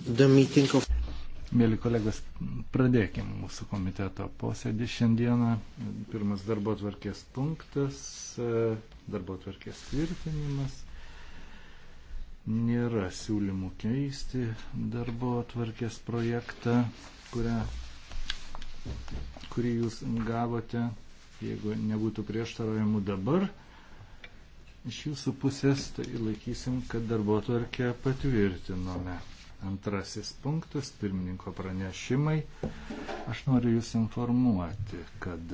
Of... Mėly kolegos, pradėkim mūsų komiteto posėdį šiandieną. Pirmas darbo atvarkės punktas, e, darbo atvarkės tvirtinimas. Nėra siūlymų keisti darbo atvarkės projektą, kurią, kurį jūs gavote, jeigu nebūtų prieštaravimų dabar. Iš jūsų pusės tai laikysim, kad darbo tvarkę patvirtinome. Antrasis punktas - pirmininko pranešimai. Aš noriu Jūs informuoti, kad,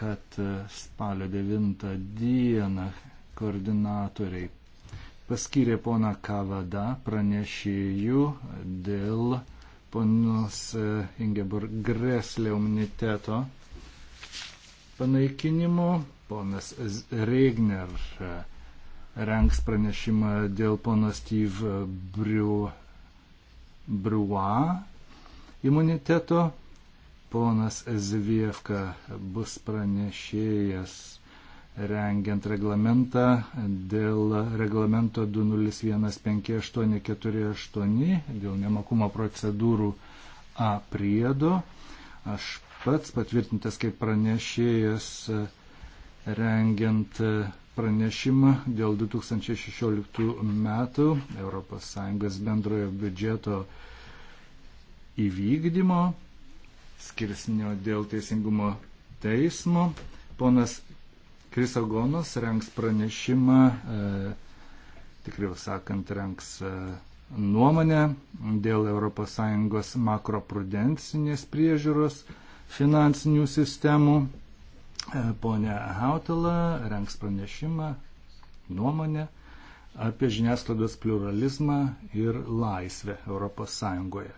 kad spalio 9 dieną koordinatoriai paskyrė poną Kavada pranešėjų dėl ponios e, Ingeborg Greslė imuniteto panaikinimo. Ponas Regner e, rengs pranešimą dėl pono Steve Brua imuniteto. Ponas Zviefka bus pranešėjas rengiant reglamentą dėl reglamento 20154848 dėl nemokumo procedūrų A priedo. Aš pats patvirtintas kaip pranešėjas rengiant pranešimą dėl 2016 metų ES bendrojo biudžeto įvykdymo, skirsnio dėl teisingumo teismo. Ponas Krisogonas renks pranešimą, e, tikriau sakant, renks e, nuomonę dėl ES makroprudencinės priežiūros finansinių sistemų Pone Hautala renks pranešimą, nuomonę apie žiniasklaidos pluralizmą ir laisvę Europos Sąjungoje.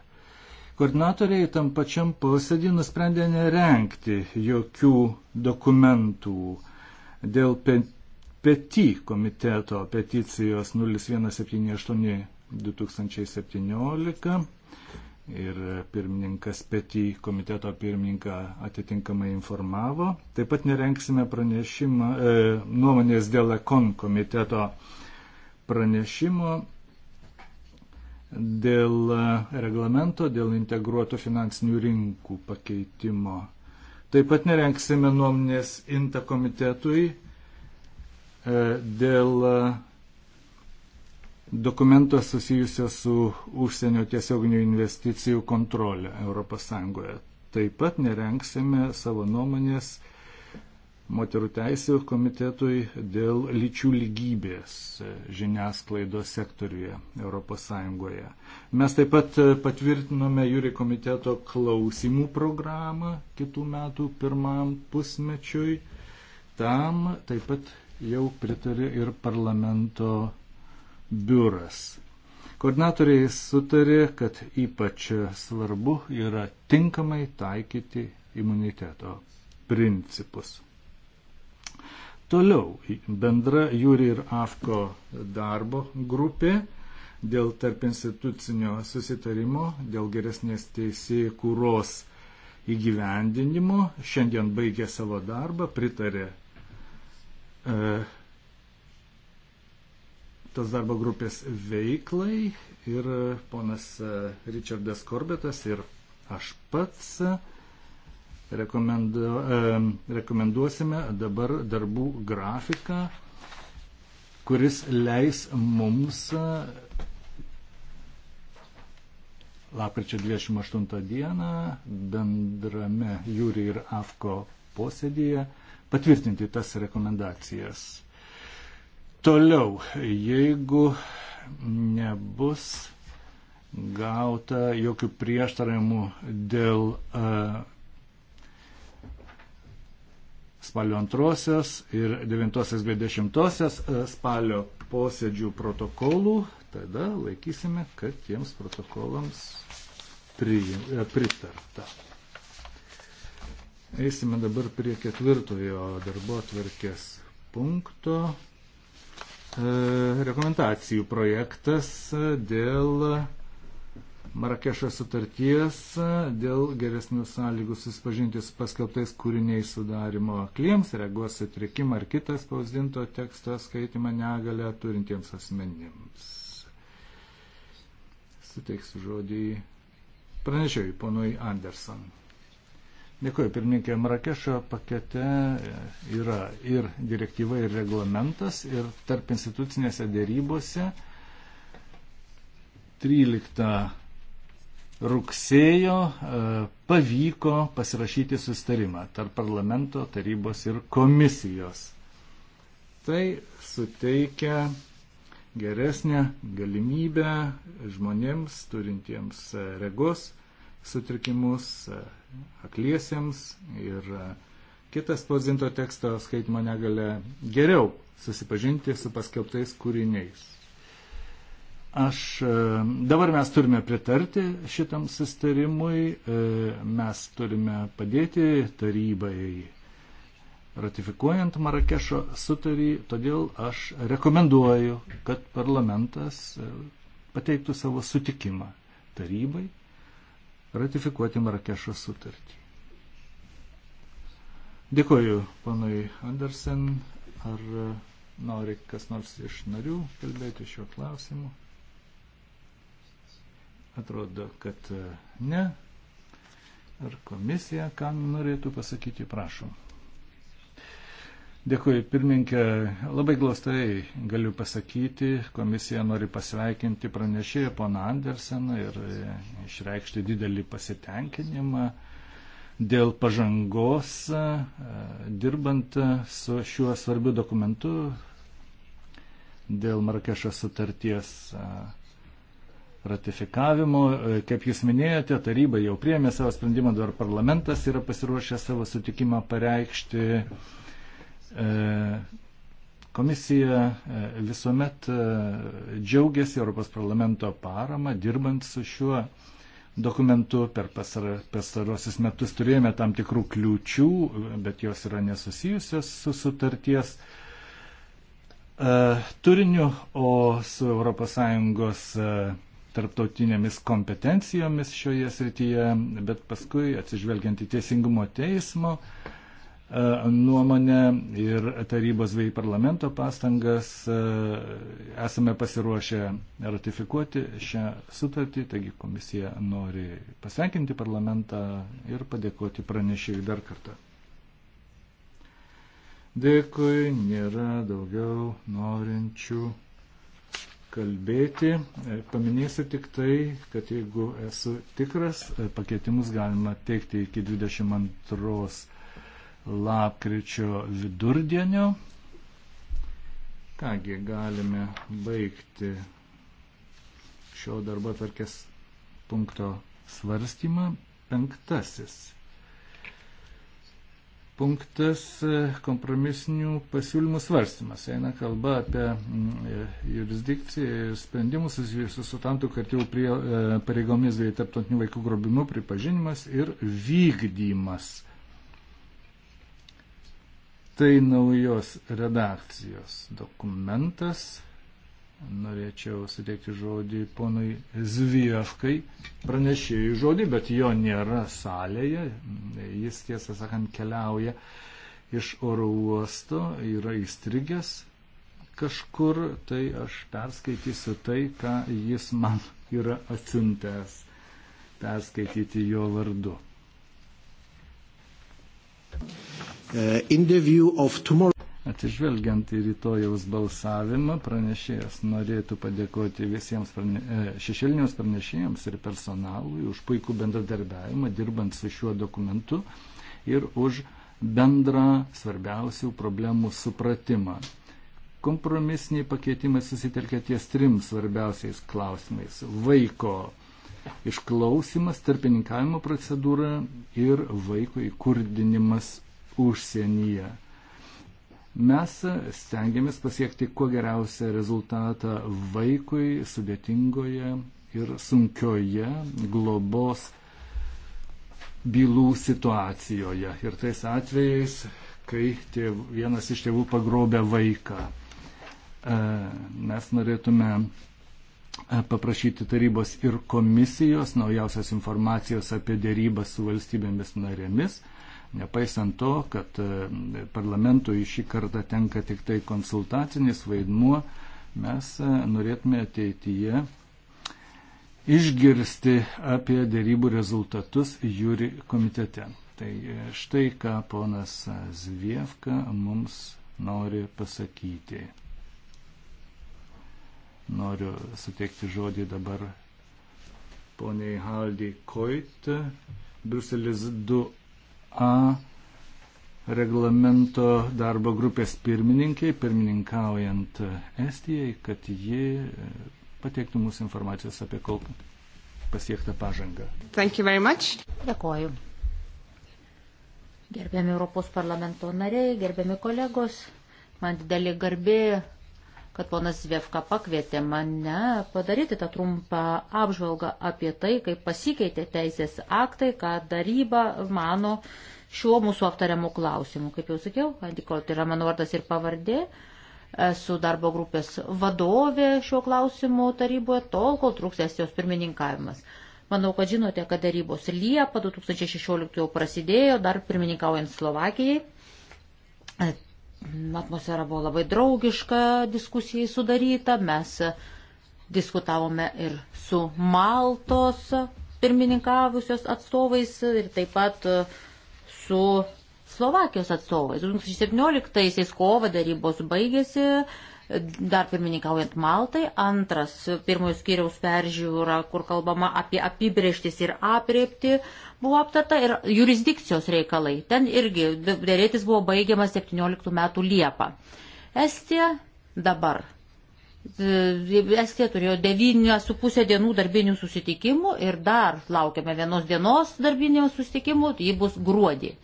Koordinatoriai tam pačiam posėdį nusprendė nerenkti jokių dokumentų dėl peti komiteto peticijos 0178 2017 ir pirmininkas Petį komiteto pirmininką atitinkamai informavo. Taip pat nerenksime pranešimą, e, nuomonės dėl ekon komiteto pranešimo dėl e, reglamento, dėl integruotų finansinių rinkų pakeitimo. Taip pat nerenksime nuomonės inta komitetui e, dėl e, dokumento susijusio su užsienio tiesioginių investicijų kontrolė ES. Taip pat nerenksime savo nuomonės moterų teisų komitetui dėl lyčių lygybės žiniasklaidos sektoriuje ES. Mes taip pat patvirtinome jūri komiteto klausimų programą kitų metų pirmam pusmečiui. Tam taip pat jau pritarė ir parlamento biuras. Koordinatoriai sutarė, kad ypač svarbu yra tinkamai taikyti imuniteto principus. Toliau bendra Jūri ir Afko darbo grupė dėl tarp institucinio susitarimo, dėl geresnės teisėjų kūros įgyvendinimo šiandien baigė savo darbą, pritarė e, tos darbo grupės veiklai ir ponas e, Richardas Korbetas ir aš pats rekomendu, e, rekomenduosime dabar darbų grafiką, kuris leis mums lapkričio 28 dieną bendrame Jūri ir Afko posėdėje patvirtinti tas rekomendacijas. Toliau, jeigu nebus gauta jokių prieštaravimų dėl uh, spalio 2 ir 9 bei 10 e, spalio posėdžių protokolų, tada laikysime, kad tiems protokolams pri, e, pritarta. Eisime dabar prie ketvirtojo darbo tvarkės punkto. E, rekomendacijų projektas dėl Marakešo sutarties, dėl geresnių sąlygų susipažinti su paskelbtais kūriniais sudarimo akliems, regos sutrikimą ar kitą spausdinto teksto skaitimą negalę turintiems asmenims. Suteiksiu žodį pranešėjui, ponui Anderson. Dėkuoju, pirmininkė, Marakešo pakete yra ir direktyva, ir reglamentas, ir tarp institucinėse dėrybose 13 rugsėjo e, pavyko pasirašyti sustarimą tarp parlamento, tarybos ir komisijos. Tai suteikia geresnę galimybę žmonėms turintiems regos sutrikimus e, akliesiems ir e, kitas spausdinto teksto skaitimo negalę geriau susipažinti su paskelbtais kūriniais. Aš e, dabar mes turime pritarti šitam sustarimui, e, mes turime padėti tarybai ratifikuojant Marakešo sutarį, todėl aš rekomenduoju, kad parlamentas pateiktų savo sutikimą tarybai ratifikuoti Marakešo sutartį. Dėkoju panui Andersen. Ar nori kas nors iš narių kalbėti šiuo klausimu? Atrodo, kad ne. Ar komisija, ką norėtų pasakyti, prašom. Dėkui, pirmininkė. Labai glaustai galiu pasakyti, komisija nori pasveikinti pranešėją poną Anderseną ir išreikšti didelį pasitenkinimą dėl pažangos e, dirbant su šiuo svarbiu dokumentu, dėl Marakešo sutarties e, ratifikavimo. E, kaip jūs minėjote, taryba jau priemė savo sprendimą, dar parlamentas yra pasiruošęs savo sutikimą pareikšti E, komisija e, visuomet e, džiaugiasi Europos parlamento parama, dirbant su šiuo dokumentu. Per pastarosius metus turėjome tam tikrų kliūčių, bet jos yra nesusijusios su sutarties turiniu, o su ES tarptautinėmis kompetencijomis šioje srityje, bet paskui atsižvelgiant į Teisingumo teismo E, nuomonę ir tarybos bei parlamento pastangas e, esame pasiruošę ratifikuoti šią sutartį, taigi komisija nori pasveikinti parlamentą ir padėkoti pranešėjui dar kartą. Dėkui, nėra daugiau norinčių kalbėti. E, paminėsiu tik tai, kad jeigu esu tikras, pakeitimus galima teikti iki 22 lapkričio vidurdienio. Kągi galime baigti šio darbo tvarkės punkto svarstymą. Penktasis punktas e, kompromisinių pasiūlymų svarstymas. Eina kalba apie mm, e, jurisdikciją ir sprendimus susijusius su tam tikrų e, pareigomis bei tarptautinių vaikų grobimų pripažinimas ir vykdymas tai naujos redakcijos dokumentas. Norėčiau suteikti žodį ponui Zvieškai, pranešėjai žodį, bet jo nėra salėje. Jis tiesą sakant keliauja iš oro uosto, yra įstrigęs kažkur, tai aš perskaitysiu tai, ką jis man yra atsiuntęs perskaityti jo vardu. Uh, Atsižvelgiant į rytojaus balsavimą, pranešėjas norėtų padėkoti visiems prane, e, šešėliniams pranešėjams ir personalui už puikų bendradarbiavimą dirbant su šiuo dokumentu ir už bendrą svarbiausių problemų supratimą. Kompromisiniai pakeitimai susitelkia ties trim svarbiausiais klausimais - vaiko išklausimas, tarpininkavimo procedūra ir vaiko įkurdinimas užsienyje. Mes stengiamės pasiekti kuo geriausią rezultatą vaikui sudėtingoje ir sunkioje globos bylų situacijoje. Ir tais atvejais, kai tėv, vienas iš tėvų pagrobė vaiką, e, mes norėtume e, paprašyti tarybos ir komisijos naujausios informacijos apie dėrybą su valstybėmis narėmis Nepaisant to, kad e, parlamentui šį kartą tenka tik tai konsultacinis vaidmuo, mes e, norėtume ateityje išgirsti apie dėrybų rezultatus jūri komitete. Tai e, štai ką ponas Zvievka mums nori pasakyti. Noriu suteikti žodį dabar poniai Haldi Koit, Bruselis 2 A reglamento darbo grupės pirmininkiai, pirmininkaujant Estijai, kad ji e, pateiktų mūsų informacijos apie kol pasiektą pažangą. Dėkoju. Gerbiami Europos parlamento nariai, gerbiami kolegos, man didelį garbė kad ponas Vievka pakvietė mane padaryti tą trumpą apžvalgą apie tai, kaip pasikeitė teisės aktai, ką daryba mano šiuo mūsų aptariamu klausimu. Kaip jau sakiau, Andikol tai yra mano vardas ir pavardė. Esu darbo grupės vadovė šiuo klausimu taryboje tol, kol truks estijos pirmininkavimas. Manau, kad žinote, kad darybos Liepa 2016 jau prasidėjo, dar pirmininkaujant Slovakijai. Atmosfera buvo labai draugiška, diskusijai sudaryta, mes diskutavome ir su Maltos pirmininkavusios atstovais ir taip pat su Slovakijos atstovais. 2017-aisiais kovo darybos baigėsi, dar pirmininkaujant Maltai, antras pirmojo skyriaus peržiūra, kur kalbama apie apibrieštis ir apriepti, buvo aptarta ir jurisdikcijos reikalai. Ten irgi dėrėtis buvo baigiamas 17 metų Liepą. Estija dabar. Estija turėjo 9,5 dienų darbinių susitikimų ir dar laukiame vienos dienos darbinių susitikimų, tai ji bus gruodį.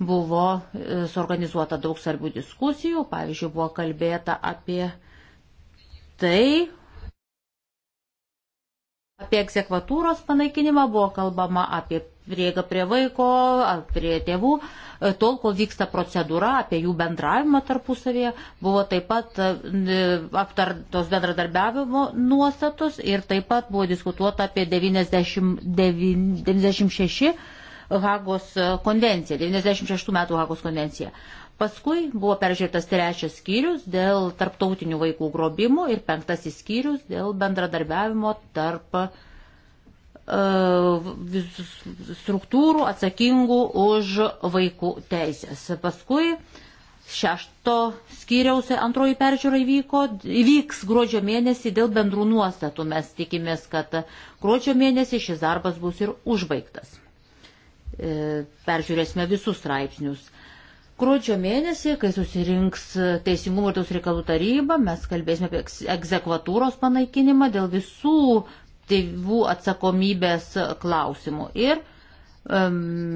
Buvo e, suorganizuota daug svarbių diskusijų, pavyzdžiui, buvo kalbėta apie tai, Apie egzekvatūros panaikinimą buvo kalbama apie prieigą prie vaiko, prie tėvų, e, tol, kol vyksta procedūra, apie jų bendravimą tarpusavėje, buvo taip pat e, e, aptartos bendradarbiavimo nuostatus ir taip pat buvo diskutuota apie 99, 96 Hagos konvenciją, 96 metų Hagos konvenciją. Paskui buvo peržiūrėtas trečias skyrius dėl tarptautinių vaikų grobimo ir penktasis skyrius dėl bendradarbiavimo tarp e, struktūrų atsakingų už vaikų teisės. Paskui šešto skyriaus antroji peržiūra įvyko, įvyks gruodžio mėnesį dėl bendrų nuostatų. Mes tikimės, kad gruodžio mėnesį šis darbas bus ir užbaigtas. E, peržiūrėsime visus straipsnius. Gruodžio mėnesį, kai susirinks Teisingumo ir Taus reikalų taryba, mes kalbėsime apie egzekvatūros panaikinimą dėl visų tėvų atsakomybės klausimų. Ir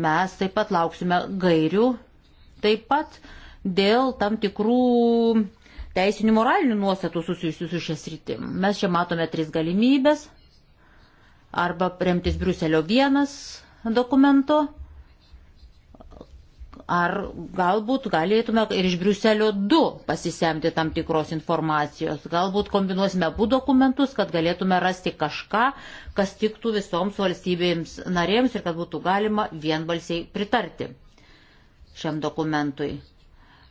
mes taip pat lauksime gairių, taip pat dėl tam tikrų teisinių moralinių nuostatų susijusių su šias rytim. Mes čia matome tris galimybės. Arba remtis Briuselio vienas dokumento Ar galbūt galėtume ir iš Briuselio 2 pasisemti tam tikros informacijos. Galbūt kombinuosime abu dokumentus, kad galėtume rasti kažką, kas tiktų visoms valstybėms narėms ir kad būtų galima vienbalsiai pritarti šiam dokumentui.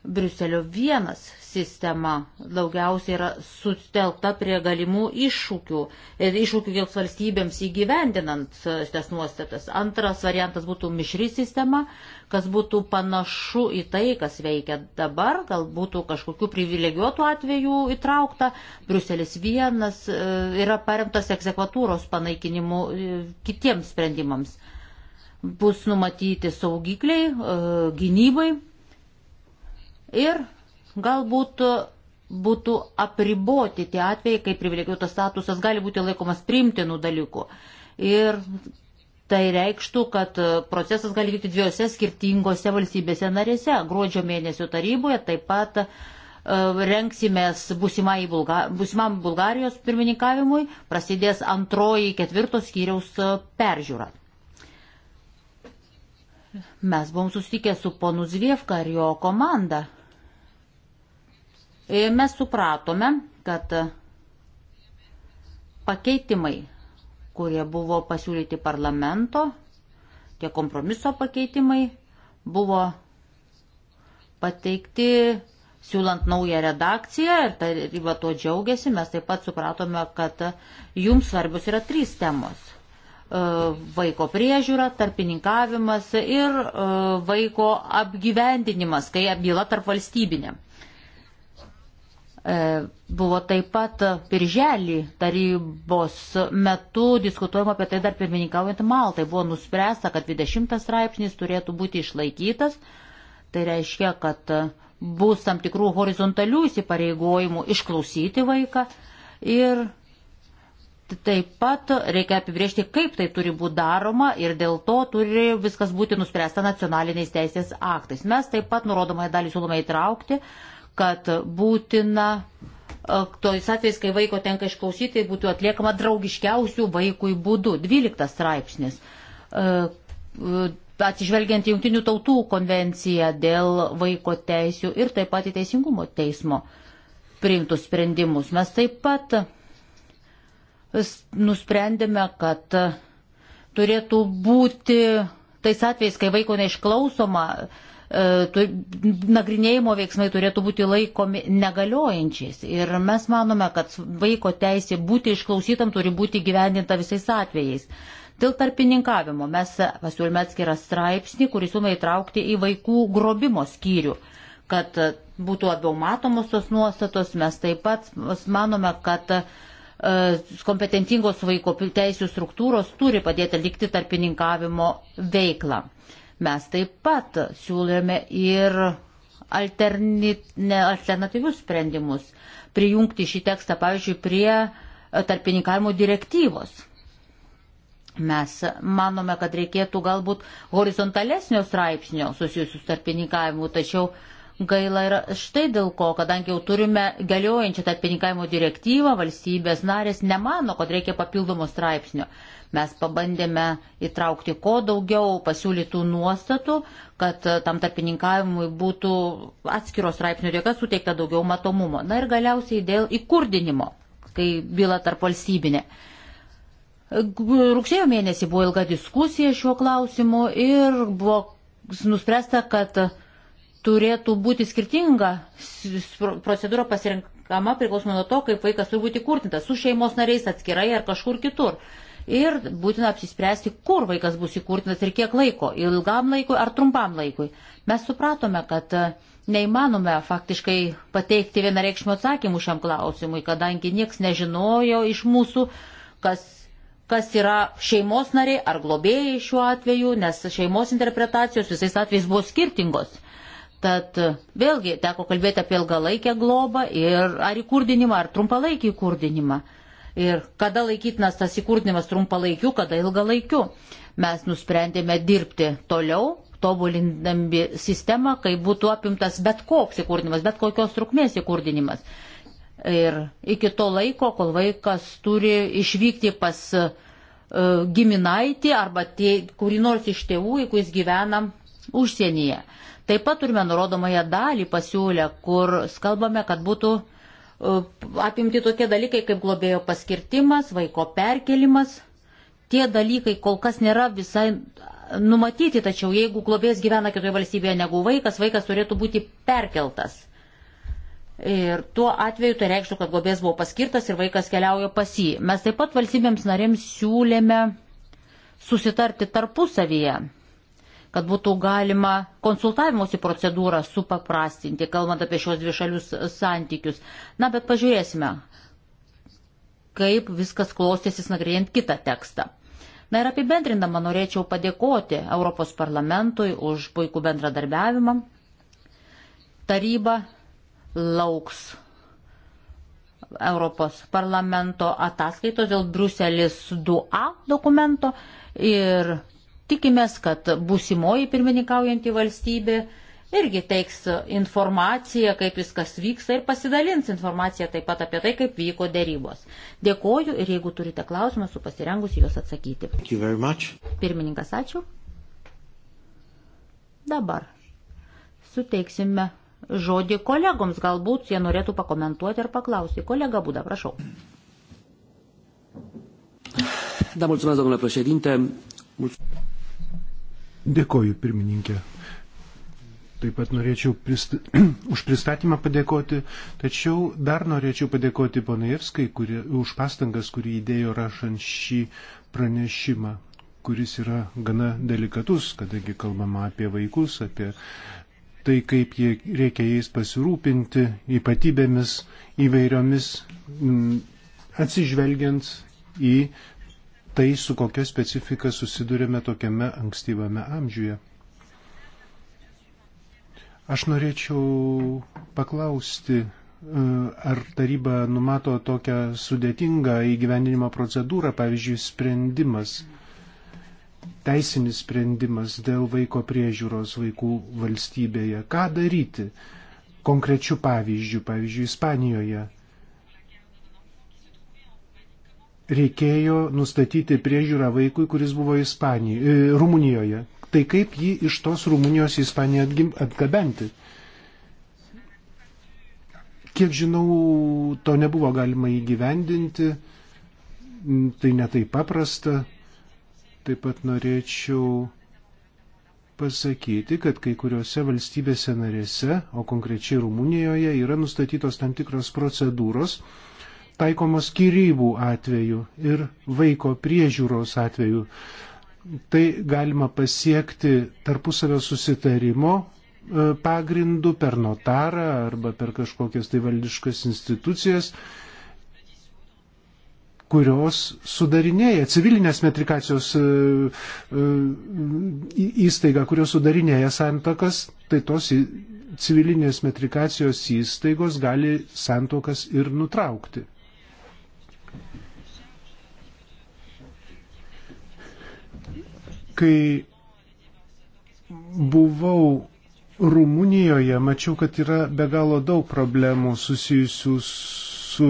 Briuselio vienas sistema daugiausiai yra sutelkta prie galimų iššūkių, e, iššūkių kiek valstybėms įgyvendinant e, tas nuostatas. Antras variantas būtų mišri sistema, kas būtų panašu į tai, kas veikia dabar, gal būtų kažkokių privilegijuotų atvejų įtraukta. Briuselis vienas e, yra paremtas egzekvatūros panaikinimu kitiems sprendimams. Bus numatyti saugikliai, gynybai ir galbūt būtų apriboti tie atvejai, kai privilegijuotas statusas gali būti laikomas primtinų dalykų. Ir tai reikštų, kad procesas gali vykti dviejose skirtingose valstybėse narėse. Gruodžio mėnesio taryboje taip pat uh, e, renksimės Bulga, būsimam Bulgarijos pirmininkavimui, prasidės antroji ketvirtos skyriaus e, peržiūra. Mes buvom susitikę su ponu Zviefka ir jo komanda E, mes supratome, kad pakeitimai, kurie buvo pasiūlyti parlamento, tie kompromiso pakeitimai buvo pateikti siūlant naują redakciją ir taryba tuo džiaugiasi, mes taip pat supratome, kad jums svarbios yra trys temos e, - vaiko priežiūra, tarpininkavimas ir e, vaiko apgyvendinimas, kai byla tarp valstybinė. E, buvo taip pat birželį tarybos metu diskutuojama apie tai dar pirmininkaujant Maltai. Buvo nuspręsta, kad 20 straipsnis turėtų būti išlaikytas. Tai reiškia, kad bus tam tikrų horizontalių įsipareigojimų išklausyti vaiką. Ir taip pat reikia apibriežti, kaip tai turi būti daroma ir dėl to turi viskas būti nuspręsta nacionaliniais teisės aktais. Mes taip pat nurodomąją dalį siūlome įtraukti kad būtina e, tojais atvejais, kai vaiko tenka išklausyti, būtų atliekama draugiškiausių vaikui būdų. 12 straipsnis. E, e, atsižvelgiant Junktinių tautų konvenciją dėl vaiko teisių ir taip pat į Teisingumo teismo priimtus sprendimus. Mes taip pat nusprendėme, kad turėtų būti tais atvejais, kai vaiko neišklausoma, uh, E, nagrinėjimo veiksmai turėtų būti laikomi negaliojančiais. Ir mes manome, kad vaiko teisė būti išklausytam turi būti gyvendinta visais atvejais. Dėl tarpininkavimo mes pasiūlėme atskirą straipsnį, kurį siūlome įtraukti į vaikų grobimo skyrių, kad būtų labiau matomos tos nuostatos. Mes taip pat manome, kad e, kompetentingos vaiko teisų struktūros turi padėti likti tarpininkavimo veiklą. Mes taip pat siūlėme ir alternatyvius sprendimus, prijungti šį tekstą, pavyzdžiui, prie e, tarpininkavimo direktyvos. Mes manome, kad reikėtų galbūt horizontalesnio straipsnio susijusius tarpininkavimu, tačiau uh, Gaila yra štai dėl ko, kadangi jau turime galiojančią tarpininkavimo direktyvą, valstybės narės nemano, kad reikia papildomo straipsnio. Mes pabandėme įtraukti kuo daugiau pasiūlytų nuostatų, kad tam tarpininkavimui būtų atskiros straipsnio dėka suteikta daugiau matomumo. Na ir galiausiai dėl įkurdinimo, kai byla tarp valstybinė. Rugsėjo mėnesį buvo ilga diskusija šiuo klausimu ir buvo nuspręsta, kad turėtų būti skirtinga procedūra pasirinkama priklausomai nuo to, kaip vaikas turi būti kurtintas su šeimos nariais atskirai ar kažkur kitur. Ir būtina apsispręsti, kur vaikas bus įkurtinas ir kiek laiko - ilgam laikui ar trumpam laikui. Mes supratome, kad e, neįmanome faktiškai pateikti vienareikšmio atsakymų šiam klausimui, kadangi nieks nežinojo iš mūsų, kas kas yra šeimos nariai ar globėjai šiuo atveju, nes šeimos interpretacijos visais atvejais buvo skirtingos. Tad vėlgi teko kalbėti apie ilgalaikę globą ir ar įkurdinimą, ar trumpalaikį įkurdinimą. Ir kada laikytinas tas įkurdinimas trumpalaikiu, kada ilgalaikiu. Mes nusprendėme dirbti toliau, tobulindami sistemą, kai būtų apimtas bet koks įkurdinimas, bet kokios trukmės įkurdinimas. Ir iki to laiko, kol vaikas turi išvykti pas uh, giminaitį arba tie, kurį nors iš tėvų, jeigu jis gyvena užsienyje. Uh, Taip pat turime nurodomąją dalį pasiūlę, kur kalbame, kad būtų e, apimti tokie dalykai kaip globėjo paskirtimas, vaiko perkelimas. Tie dalykai kol kas nėra visai numatyti, tačiau jeigu globėjas gyvena kitoje valstybėje negu vaikas, vaikas turėtų būti perkeltas. Ir tuo atveju tai reikštų, kad globėjas buvo paskirtas ir vaikas keliauja pas jį. Mes taip pat valstybėms narėms siūlėme susitarti tarpusavyje kad būtų galima konsultavimosi procedūrą supaprastinti, kalbant apie šios dvišalius santykius. Na, bet pažiūrėsime, kaip viskas klostėsis nagrinėjant kitą tekstą. Na ir apibendrindama norėčiau padėkoti Europos parlamentui už puikų bendradarbiavimą. Taryba lauks Europos parlamento ataskaitos dėl Bruselis 2A dokumento ir tikimės, kad būsimoji pirmininkaujanti valstybė irgi teiks informaciją, kaip viskas vyksta ir pasidalins informaciją taip pat apie tai, kaip vyko dėrybos. Dėkoju ir jeigu turite klausimą, esu pasirengusi juos atsakyti. Pirmininkas, ačiū. Dabar suteiksime žodį kolegoms, galbūt jie norėtų pakomentuoti ar paklausti. Kolega Būda, prašau. Da, mulțumesc, domnule președinte. Mulțumesc. Dėkoju, pirmininkė. Taip pat norėčiau prist... už pristatymą padėkoti, tačiau dar norėčiau padėkoti Panajevskai kuri... už pastangas, kurį įdėjo rašant šį pranešimą, kuris yra gana delikatus, kadangi kalbama apie vaikus, apie tai, kaip jie, reikia jais pasirūpinti, ypatybėmis įvairiomis, m, mm, atsižvelgiant į tai, su kokia specifika susidurėme tokiame ankstyvame amžiuje. Aš norėčiau paklausti, e, ar taryba numato tokią sudėtingą įgyvendinimo procedūrą, pavyzdžiui, sprendimas, teisinis sprendimas dėl vaiko priežiūros vaikų valstybėje. Ką daryti? Konkrečių pavyzdžių, pavyzdžiui, Ispanijoje reikėjo nustatyti priežiūrą vaikui, kuris buvo Ispanijoje, Rumunijoje. Tai kaip jį iš tos Rumunijos į Ispaniją atgabenti? Kiek žinau, to nebuvo galima įgyvendinti, mm, tai netai paprasta. Taip pat norėčiau pasakyti, kad kai kuriuose valstybėse narėse, o konkrečiai Rumunijoje, yra nustatytos tam tikros procedūros, taikomos skirybų atveju ir vaiko priežiūros atveju. Tai galima pasiekti tarpusavio susitarimo e, pagrindų per notarą arba per kažkokias tai valdiškas institucijas, kurios sudarinėja civilinės metrikacijos e, e, įstaiga, kurios sudarinėja santokas, tai tos civilinės metrikacijos įstaigos gali santokas ir nutraukti. Kai buvau Rumunijoje, mačiau, kad yra be galo daug problemų susijusių su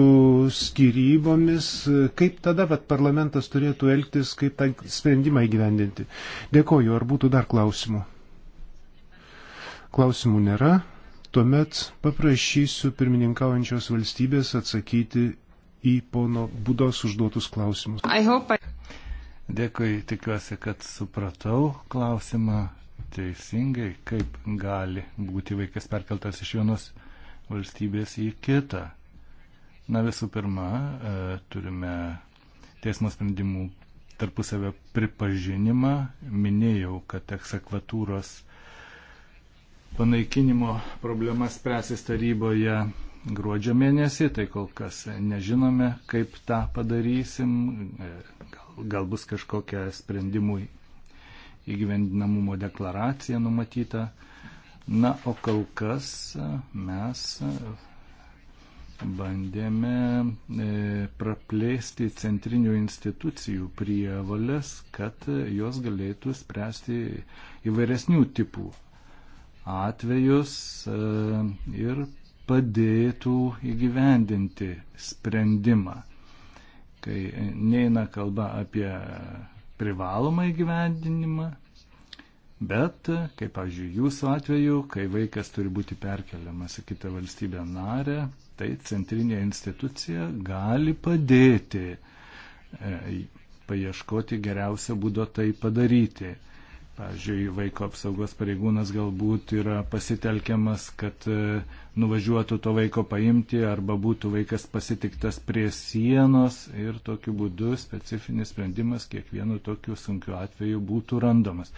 skyrybomis. Kaip tada vat, parlamentas turėtų elgtis, kaip tą sprendimą įgyvendinti? Dėkoju, ar būtų dar klausimų? Klausimų nėra. Tuomet paprašysiu pirmininkaujančios valstybės atsakyti į pono Budos užduotus klausimus. I hope I... Dėkui, tikiuosi, kad supratau klausimą teisingai, kaip gali būti vaikas perkeltas iš vienos valstybės į kitą. Na visų pirma, e, turime teismo sprendimų tarpusavio pripažinimą. Minėjau, kad eksekvatūros panaikinimo problemas spręsis taryboje gruodžio mėnesį, tai kol kas nežinome, kaip tą padarysim. E, gal gal bus kažkokia sprendimų įgyvendinamumo deklaracija numatyta. Na, o kol kas e, mes e, bandėme e, praplėsti centrinių institucijų prievalės, kad jos galėtų spręsti įvairesnių tipų atvejus ir padėtų įgyvendinti sprendimą kai neina kalba apie privalomą įgyvendinimą, bet, kaip, pavyzdžiui, jūsų atveju, kai vaikas turi būti perkeliamas į kitą valstybę narę, tai centrinė institucija gali padėti e, paieškoti geriausio būdo tai padaryti. Pavyzdžiui, vaiko apsaugos pareigūnas galbūt yra pasitelkiamas, kad e, nuvažiuotų to vaiko paimti arba būtų vaikas pasitiktas prie sienos ir tokiu būdu specifinis sprendimas kiekvienu tokiu sunkiu atveju būtų randamas.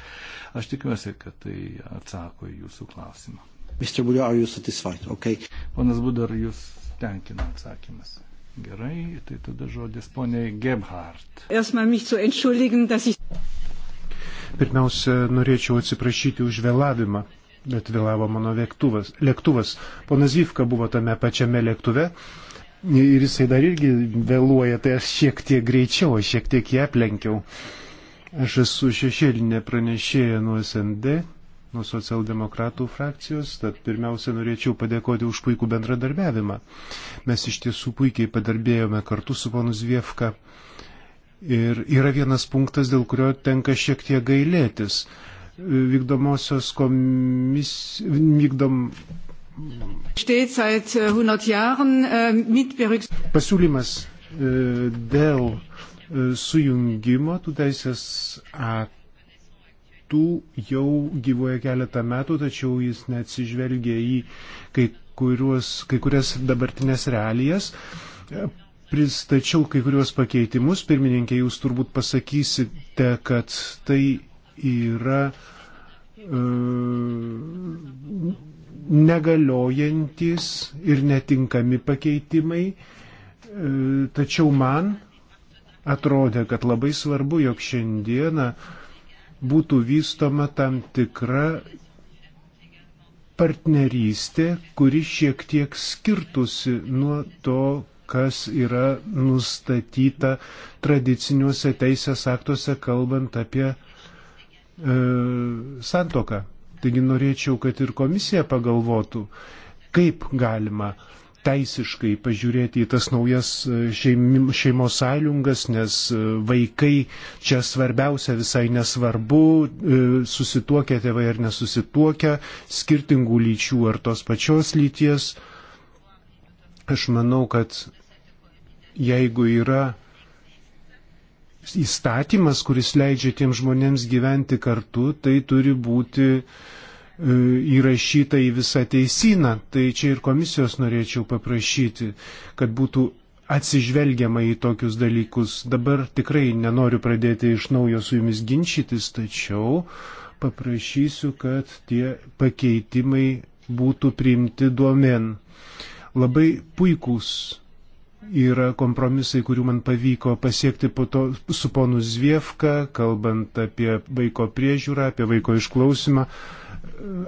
Aš tikiuosi, kad tai atsako į jūsų klausimą. Mr. Budu, are you satisfied? Okay. Ponas Budu, ar jūs tenkina atsakymas? Gerai, tai tada žodis poniai Gebhardt. Pirmiausia, norėčiau atsiprašyti už vėlavimą, bet vėlavo mano lėktuvas. lėktuvas. Ponas Zivka buvo tame pačiame lėktuve ir jisai dar irgi vėluoja, tai aš šiek tiek greičiau, aš šiek tiek jį aplenkiau. Aš esu šešėlinė pranešėja nuo SND, nuo socialdemokratų frakcijos, tad pirmiausia norėčiau padėkoti už puikų bendradarbiavimą. Mes iš tiesų puikiai padarbėjome kartu su ponu Zviefka. Ir yra vienas punktas, dėl kurio tenka šiek tiek gailėtis. Vykdomosios komis... Vykdom... Äh, äh, pasiūlymas äh, dėl sujungimo tų teisės aktų jau gyvoja keletą metų, tačiau jis neatsižvelgia į kai, kuriuos, kai kurias dabartinės realijas pristačiau kai kuriuos pakeitimus. Pirmininkė, jūs turbūt pasakysite, kad tai yra e, negaliojantis ir netinkami pakeitimai. E, tačiau man atrodė, kad labai svarbu, jog šiandieną būtų vystoma tam tikra partnerystė, kuri šiek tiek skirtusi nuo to, kas yra nustatyta tradiciniuose teisės aktuose, kalbant apie e, santoką. Taigi norėčiau, kad ir komisija pagalvotų, kaip galima teisiškai pažiūrėti į tas naujas e, šeim, šeimos sąjungas, nes e, vaikai čia svarbiausia visai nesvarbu, e, susituokia tėvai ar nesusituokia, skirtingų lyčių ar tos pačios lyties. Aš manau, kad jeigu yra įstatymas, kuris leidžia tiem žmonėms gyventi kartu, tai turi būti e, įrašyta į visą teisiną. Tai čia ir komisijos norėčiau paprašyti, kad būtų atsižvelgiama į tokius dalykus. Dabar tikrai nenoriu pradėti iš naujo su jumis ginčytis, tačiau paprašysiu, kad tie pakeitimai būtų priimti duomen. Labai puikūs yra kompromisai, kurių man pavyko pasiekti to, su ponu Zviefka, kalbant apie vaiko priežiūrą, apie vaiko išklausimą,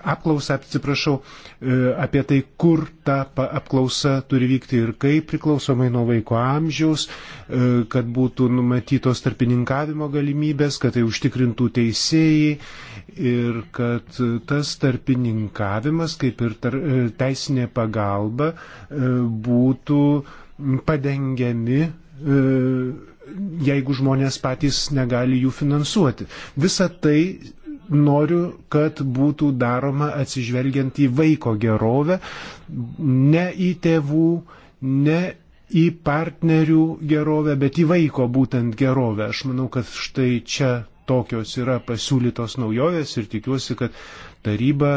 apklausą, atsiprašau, e, apie tai, kur ta apklausa turi vykti ir kaip priklausomai nuo vaiko amžiaus, e, kad būtų numatytos tarpininkavimo galimybės, kad tai užtikrintų teisėjai ir kad tas tarpininkavimas, kaip ir tar, e, teisinė pagalba, būtų padengiami, e, jeigu žmonės patys negali jų finansuoti. Visa tai noriu, kad būtų daroma atsižvelgiant į vaiko gerovę, ne į tėvų, ne į partnerių gerovę, bet į vaiko būtent gerovę. Aš manau, kad štai čia tokios yra pasiūlytos naujovės ir tikiuosi, kad taryba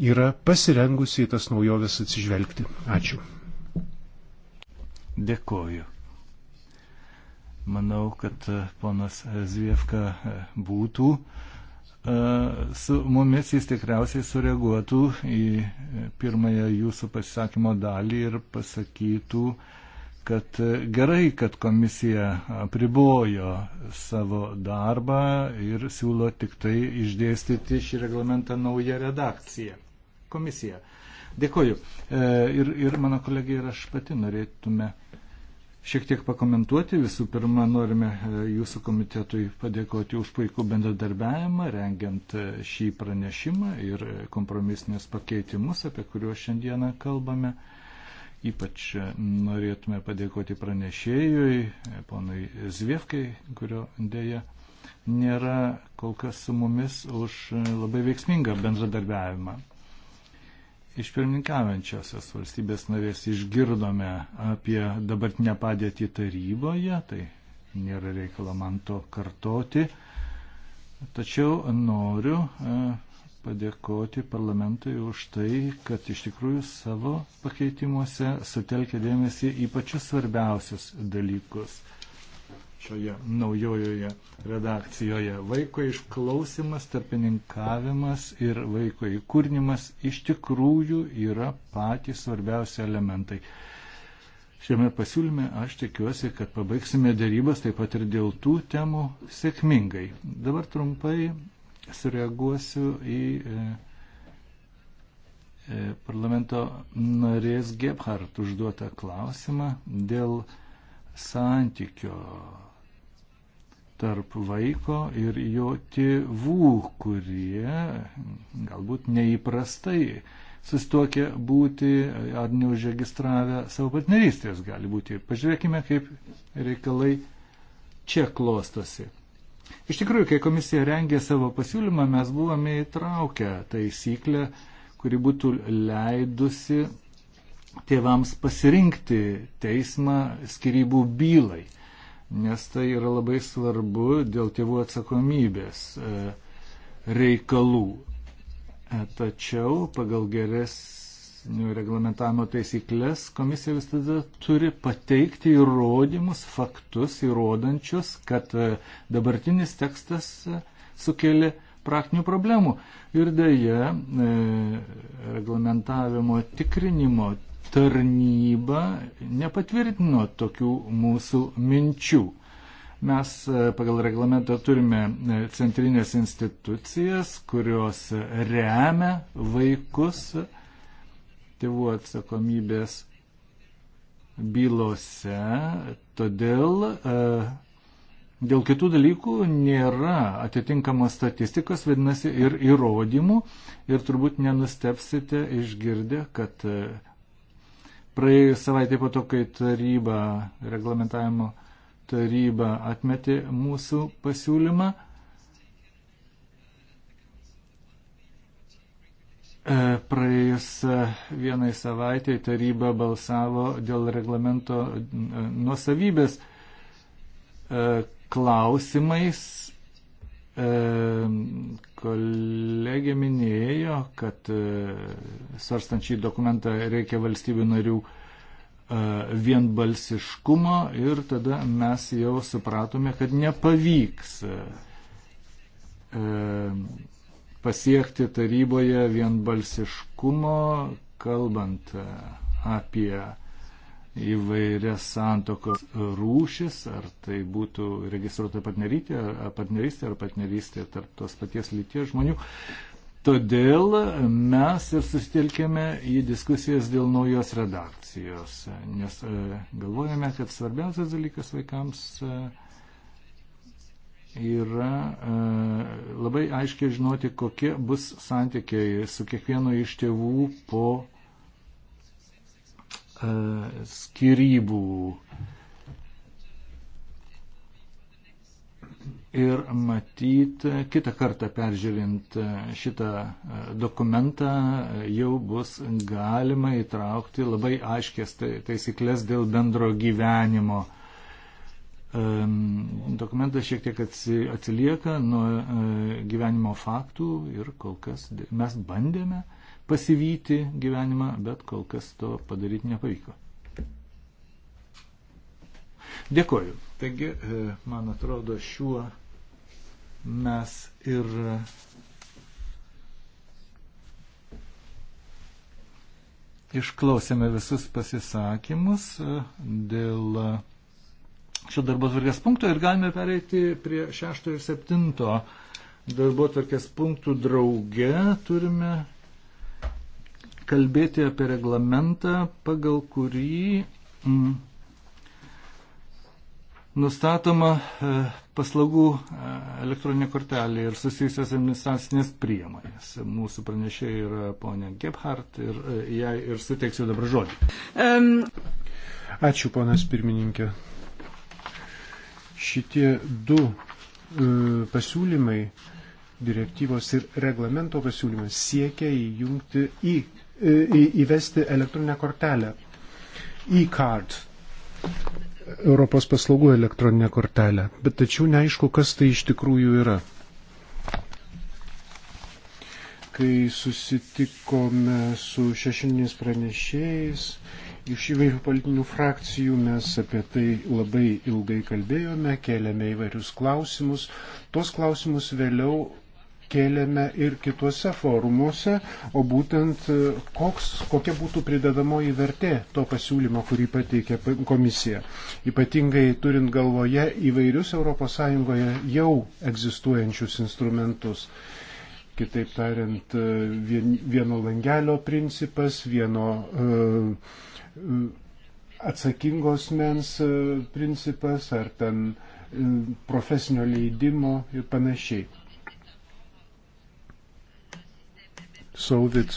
yra pasirengusi į tas naujoves atsižvelgti. Ačiū. Dėkoju. Manau, kad e, ponas Zviefka e, būtų e, su mumis, jis tikriausiai sureaguotų į pirmąją jūsų pasisakymo dalį ir pasakytų, kad gerai, kad komisija apribojo savo darbą ir siūlo tik tai išdėstyti šį reglamentą naują redakciją. Komisija. Dėkoju. E, ir, ir mano kolegė ir aš pati norėtume šiek tiek pakomentuoti. Visų pirma, norime e, jūsų komitetui padėkoti už puikų bendradarbiavimą, rengiant e, šį pranešimą ir kompromisinius pakeitimus, apie kuriuos šiandieną kalbame. Ypač norėtume padėkoti pranešėjui, ponui Zviefkai, kurio dėja nėra kol kas su mumis už labai veiksmingą bendradarbiavimą. Iš pirmininkaujančiosios valstybės narės išgirdome apie dabartinę padėtį taryboje, tai nėra reikalo man to kartoti. Tačiau noriu e, padėkoti parlamentui už tai, kad iš tikrųjų savo pakeitimuose sutelkia dėmesį į pačius svarbiausius dalykus šioje naujojoje redakcijoje. Vaiko išklausimas, tarpininkavimas ir vaiko įkūrinimas iš tikrųjų yra patys svarbiausi elementai. Šiame pasiūlyme aš tikiuosi, kad pabaigsime dėrybas taip pat ir dėl tų temų sėkmingai. Dabar trumpai sureaguosiu į e, e, parlamento narės Gebhardt užduotą klausimą dėl santykio tarp vaiko ir jo tėvų, kurie galbūt neįprastai sustokia būti ar neužregistravę savo partnerystės gali būti. Pažiūrėkime, kaip reikalai čia klostosi. Iš tikrųjų, kai komisija rengė savo pasiūlymą, mes buvome įtraukę taisyklę, kuri būtų leidusi tėvams pasirinkti teismą skirybų bylai nes tai yra labai svarbu dėl tėvų atsakomybės e, reikalų. E, tačiau pagal geresnių reglamentavimo taisyklės komisija vis tada turi pateikti įrodymus, faktus įrodančius, kad e, dabartinis tekstas sukelia praktinių problemų. Ir dėja, e, reglamentavimo tikrinimo tarnyba nepatvirtino tokių mūsų minčių. Mes e, pagal reglamentą turime e, centrinės institucijas, kurios remia vaikus tėvų atsakomybės bylose, todėl e, Dėl kitų dalykų nėra atitinkamos statistikos, vadinasi, ir įrodymų. Ir turbūt nenustepsite išgirdę, kad e, praėjus savaitė po to, kai taryba, reglamentavimo taryba atmetė mūsų pasiūlymą, e, Praėjus e, vienai savaitėj taryba balsavo dėl reglamento nuosavybės klausimais. E, kolegė minėjo, kad e, svarstant šį dokumentą reikia valstybių narių e, vienbalsiškumo ir tada mes jau supratome, kad nepavyks e, e pasiekti taryboje vienbalsiškumo, kalbant e, apie e, įvairias santokos rūšis, ar tai būtų registruota partnerystė, ar partnerystė, ar partnerystė tarp tos paties lyties žmonių. Todėl mes ir susitelkėme į diskusijas dėl naujos redakcijos, nes e, galvojame, kad svarbiausias dalykas vaikams e, yra e, labai aiškiai žinoti, kokie bus santykiai su kiekvienu iš tėvų po E, skirybų. Ir matyt, kitą kartą peržiūrint šitą e, dokumentą e, jau bus galima įtraukti labai aiškės tai, taisyklės dėl bendro gyvenimo. Dokumentas šiek tiek atsilieka nuo gyvenimo faktų ir kol kas mes bandėme uh, pasivyti gyvenimą, bet kol kas to padaryti nepavyko. Dėkoju. Taigi, e, man atrodo, šiuo mes ir išklausėme visus pasisakymus e, dėl šio darbo tvarkės punkto ir galime pereiti prie šešto ir septinto darbo tvarkės punktų drauge. Turime kalbėti apie reglamentą, pagal kurį mm, nustatoma e, paslaugų e, elektroninė kortelė ir susijusios administracinės priemonės. Mūsų pranešėjai yra ponia Gebhardt ir e, jai ir suteiksiu dabar žodį. Um. Ačiū, ponas pirmininkė. Šitie du e, pasiūlymai direktyvos ir reglamento pasiūlymas siekia įjungti į įvesti elektroninę kortelę. E-card. Europos paslaugų elektroninę kortelę. Bet tačiau neaišku, kas tai iš tikrųjų yra. Kai susitikome su šešiniais pranešėjais, iš įvairių politinių frakcijų mes apie tai labai ilgai kalbėjome, kėlėme įvairius klausimus. Tuos klausimus vėliau kėlėme ir kituose forumuose, o būtent e, koks, kokia būtų pridedamoji vertė to pasiūlymo, kurį pateikė komisija. Ypatingai turint galvoje įvairius ES jau egzistuojančius instrumentus. Kitaip tariant, e, vien, vieno langelio principas, vieno uh, atsakingos mens principas ar ten profesinio leidimo ir panašiai. Sauvit.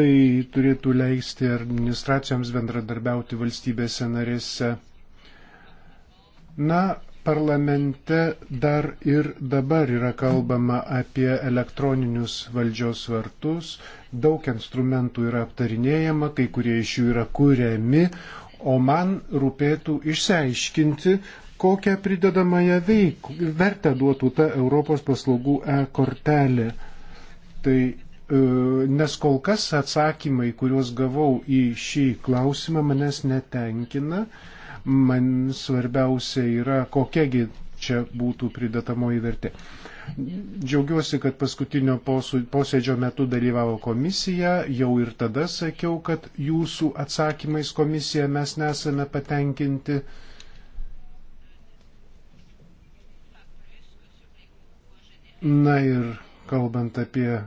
Tai turėtų leisti administracijoms bendradarbiauti valstybėse narėse. Na, parlamente dar ir dabar yra kalbama apie elektroninius valdžios vartus, daug instrumentų yra aptarinėjama, kai kurie iš jų yra kuriami, o man rūpėtų išsiaiškinti, kokią pridedamąją veik, vertę duotų ta Europos paslaugų e-kortelė. Tai e, nes kol kas atsakymai, kuriuos gavau į šį klausimą, manęs netenkina. Man svarbiausia yra, kokiagi čia būtų pridatamoji vertė. Džiaugiuosi, kad paskutinio posėdžio metu dalyvavo komisija, jau ir tada sakiau, kad jūsų atsakymais komisija mes nesame patenkinti. Uh, Na ir kalbant apie e,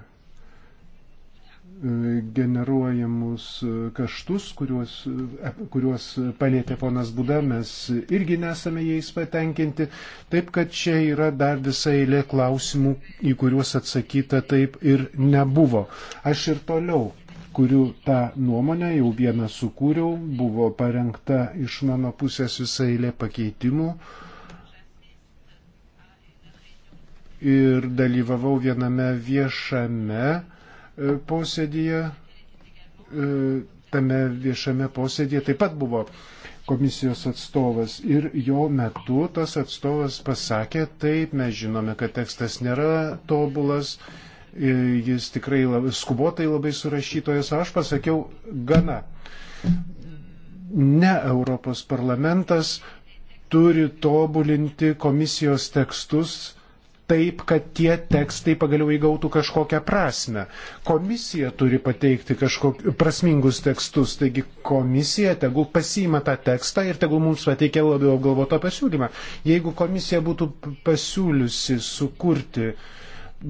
generuojamus e, kaštus, kuriuos, e, kuriuos palėtė ponas Buda, mes irgi nesame jais patenkinti. Taip kad čia yra dar visa eilė klausimų, į kuriuos atsakyta taip ir nebuvo. Aš ir toliau kuriu tą nuomonę, jau vieną sukūriau, buvo parengta iš mano pusės visa eilė pakeitimų. Uh, ir dalyvavau viename viešame e, posėdėje. E, tame viešame posėdėje taip pat buvo komisijos atstovas ir jo metu tas atstovas pasakė, taip, mes žinome, kad tekstas nėra tobulas, e, jis tikrai labai, skubotai labai surašytojas, aš pasakiau, gana. Ne Europos parlamentas turi tobulinti komisijos tekstus taip, kad tie tekstai pagaliau įgautų kažkokią prasme. Komisija turi pateikti kažkokius prasmingus tekstus, taigi komisija tegul pasiima tą tekstą ir tegul mums pateikia labiau apgalvotą pasiūlymą. Jeigu komisija būtų pasiūliusi sukurti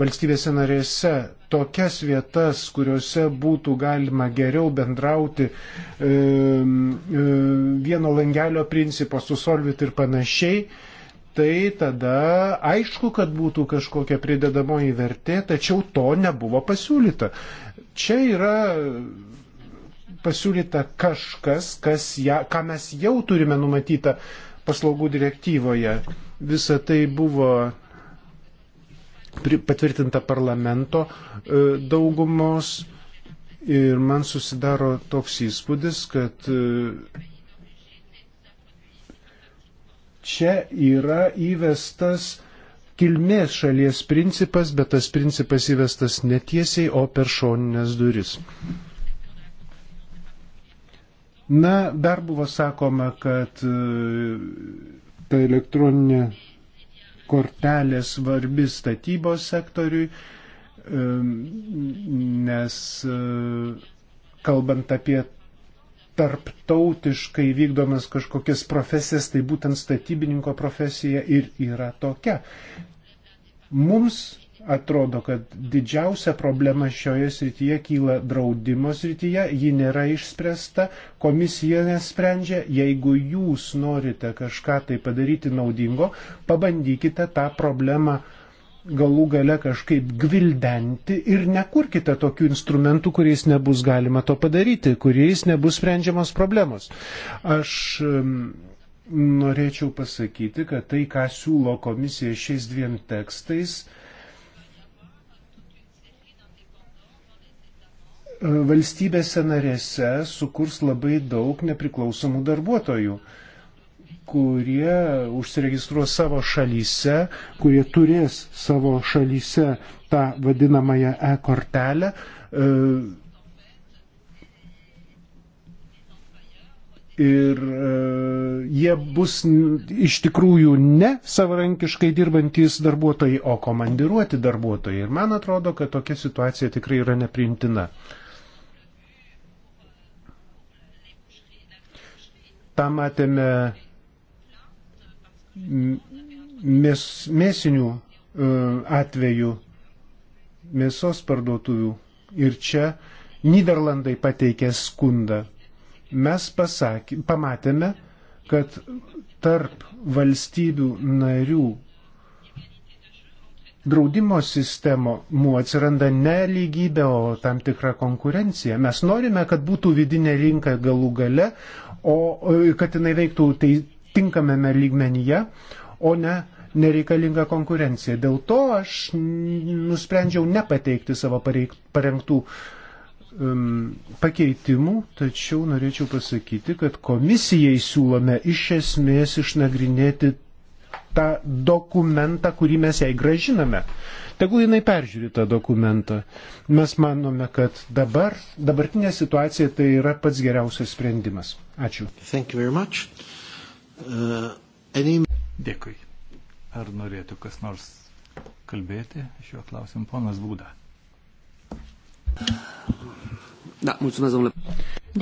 valstybėse narėse tokias vietas, kuriuose būtų galima geriau bendrauti e, e, vieno langelio principo su solvit ir panašiai, e, tai tada aišku, kad būtų kažkokia pridedamoji vertė, tačiau to nebuvo pasiūlyta. Čia yra pasiūlyta kažkas, kas ja, ką mes jau turime numatytą paslaugų direktyvoje. Visa tai buvo patvirtinta parlamento e, daugumos ir man susidaro toks įspūdis, kad e, čia yra įvestas kilmės šalies principas, bet tas principas įvestas netiesiai, o per šoninės duris. Na, dar buvo sakoma, kad e, ta elektroninė kortelė svarbi statybos sektoriui, e, nes e, kalbant apie tarptautiškai vykdomas kažkokias profesijas, tai būtent statybininko profesija ir yra tokia. Mums atrodo, kad didžiausia problema šioje srityje kyla draudimo srityje, ji nėra išspręsta, komisija nesprendžia, jeigu jūs norite kažką tai padaryti naudingo, pabandykite tą problemą uh, galų gale kažkaip gvildenti ir nekurkite tokių instrumentų, kuriais nebus galima to padaryti, kuriais nebus sprendžiamos problemos. Aš norėčiau pasakyti, kad tai, ką siūlo komisija šiais dviem tekstais, e, valstybėse narėse sukurs labai daug nepriklausomų darbuotojų kurie užsiregistruos savo šalyse, kurie turės savo šalyse tą vadinamąją e-kortelę. E, ir e, jie bus iš tikrųjų ne savarankiškai dirbantys darbuotojai, o komandiruoti darbuotojai. Ir man atrodo, kad tokia situacija tikrai yra nepriimtina. tą matėme mės, mėsinių e, atvejų mėsos parduotuvių. Ir čia Niderlandai pateikė skundą. Mes pasakė, pamatėme, kad tarp valstybių narių draudimo sistemų atsiranda ne lygybė, o tam tikra konkurencija. Mes norime, kad būtų vidinė rinka galų gale, o kad jinai veiktų tinkamame lygmenyje, o ne nereikalinga konkurencija. Dėl to aš nusprendžiau nepateikti savo pareik, parengtų um, pakeitimų, tačiau norėčiau pasakyti, kad komisijai siūlome iš esmės išnagrinėti tą dokumentą, kurį mes jai gražiname. Tegul jinai peržiūri tą dokumentą. Mes manome, kad dabar, dabartinė situacija tai yra pats geriausias sprendimas. Ačiū. Thank you very much. Uh, any... Dėkui. Ar norėtų kas nors kalbėti šiuo klausimu? Ponas Būda. Da, mulțumesc, domnule.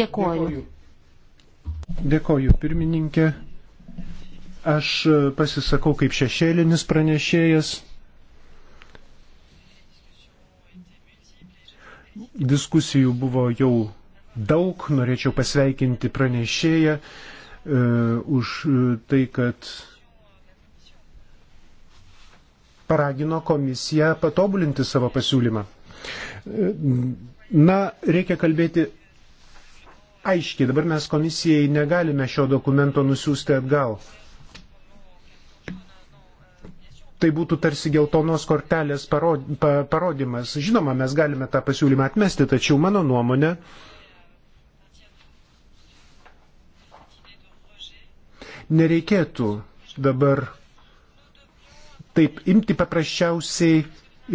Dėkoju. Dėkoju, pirmininkė. Aš e, pasisakau kaip šešėlinis pranešėjas. Diskusijų buvo jau daug, norėčiau pasveikinti pranešėją. E, už tai, kad paragino komisiją patobulinti savo pasiūlymą. E, na, reikia kalbėti aiškiai, dabar mes komisijai negalime šio dokumento nusiųsti atgal. Tai būtų tarsi geltonos kortelės parodymas. Žinoma, mes galime tą pasiūlymą atmesti, tačiau mano nuomonė, nereikėtų dabar taip imti paprasčiausiai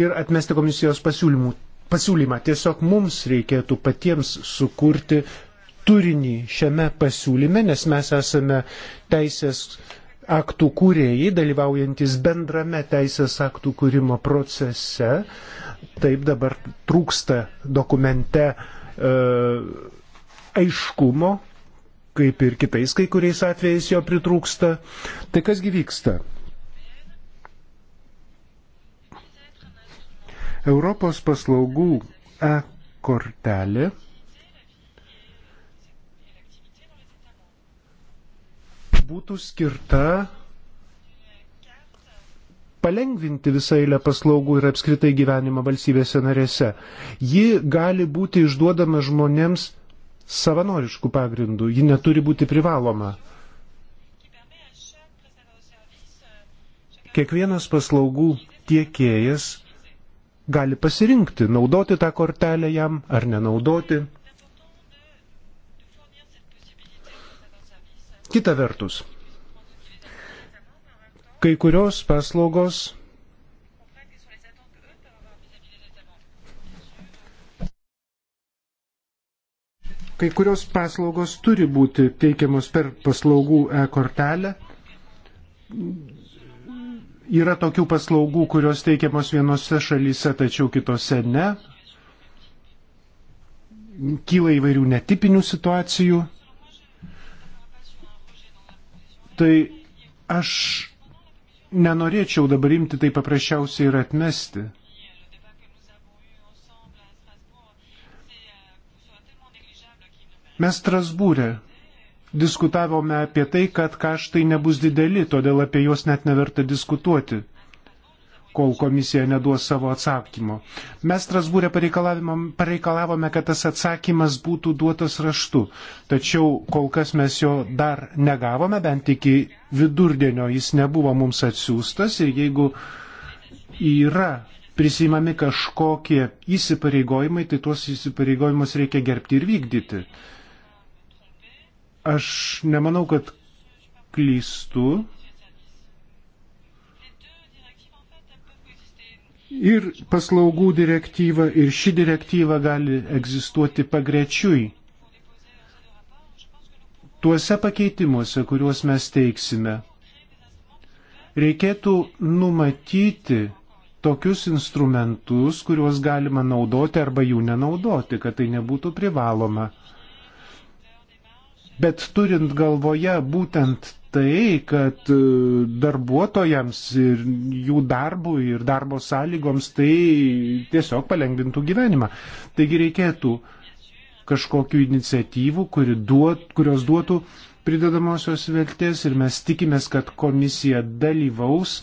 ir atmesti komisijos pasiūlymų. pasiūlymą. Tiesiog mums reikėtų patiems sukurti turinį šiame pasiūlyme, nes mes esame teisės aktų kūrėjai, dalyvaujantis bendrame teisės aktų kūrimo procese. Taip dabar trūksta dokumente e, aiškumo, kaip ir kitais kai kuriais atvejais jo pritrūksta. Tai kasgi vyksta? Europos paslaugų e-kortelė būtų skirta palengvinti visą eilę paslaugų ir apskritai gyvenimą valstybėse narėse. Ji gali būti išduodama žmonėms savanoriškų pagrindų, ji neturi būti privaloma. Kiekvienas paslaugų tiekėjas gali pasirinkti, naudoti tą kortelę jam ar nenaudoti. Kita vertus, kai kurios paslaugos Kai kurios paslaugos turi būti teikiamos per paslaugų e-kortelę. Yra tokių paslaugų, kurios teikiamos vienose šalyse, tačiau kitose ne. Kyla įvairių netipinių situacijų. Tai aš nenorėčiau dabar imti tai paprasčiausiai ir atmesti. Mes Strasbūrė diskutavome apie tai, kad kaštai nebus dideli, todėl apie juos net neverta diskutuoti, kol komisija neduos savo atsakymo. Mes Strasbūrė pareikalavome, kad tas atsakymas būtų duotas raštu, tačiau kol kas mes jo dar negavome, bent iki vidurdienio jis nebuvo mums atsiųstas ir jeigu yra prisimami kažkokie įsipareigojimai, tai tuos įsipareigojimus reikia gerbti ir vykdyti. Aš nemanau, kad klystu. Ir paslaugų direktyva, ir ši direktyva gali egzistuoti pagrečiui. Tuose pakeitimuose, kuriuos mes teiksime, reikėtų numatyti tokius instrumentus, kuriuos galima naudoti arba jų nenaudoti, kad tai nebūtų privaloma. Bet turint galvoje būtent tai, kad e, darbuotojams ir jų darbui ir darbo sąlygoms tai tiesiog palengvintų gyvenimą. Taigi reikėtų kažkokių iniciatyvų, kuri duot, kurios duotų pridedamosios vertės ir mes tikimės, kad komisija dalyvaus